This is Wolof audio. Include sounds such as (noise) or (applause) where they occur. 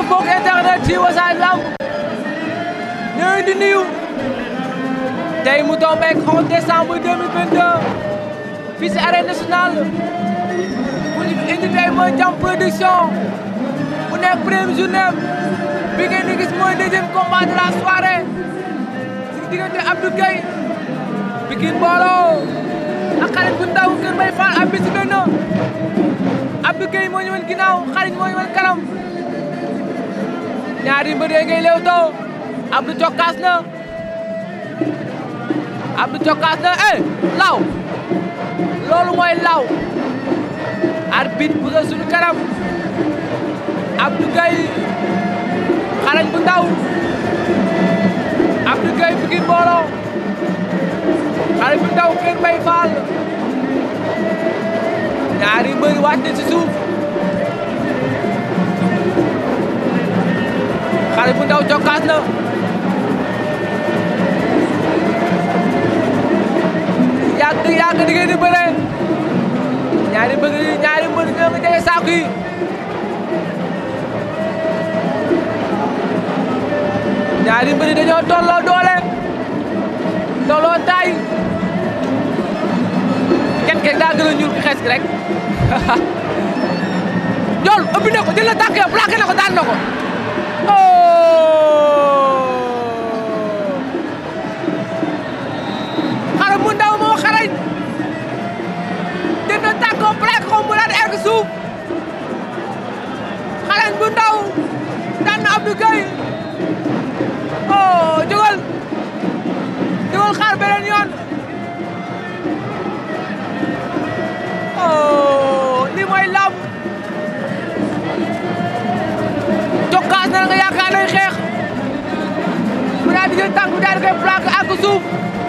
jërëjëf mbokk internet ci Wassare Lamb ñu di nuyu tey mu tombé 11 décembre 2022 fii si arène nationale bu ñu indi tey mooy Jam Production bu nekk première journée bi ngeen di gis mooy deuxième combat de la soirée si diggante Abdou Gueye Pikine Mbooloo ak xarit bu ndaw Kër Mbaye Fall am bi si benn Abdou Gueye moo ñu woon ñaari mbër yee am léewtoo Abdou cokkaas na Abdou cokkaas na eh law loolu mooy law arbitre bu nga suñu kanam Abdou Gueye xarañ bu ndaw Abdou Gueye Pikine Mbollo xarañ bu ndaw Kër Mbaye Fall ñaari mbër wàcc na ci suuf xale bu ndaw jokkaas na yàgg yàgg di ngeen di ñaari bëgg ñaari ñoo tolloo doole tolloo taay kenn kenn daa gën a ñuul ki xees rek (laughs) ko jël na tànk plaqué ko daan na ko oh! xale mu ndaw moo xarañ dina tàggoo plaque ko mu daan egg suuf xarañ bu ndaw daan na Abdou Gueye oh daal di koy plaqué ak suuf.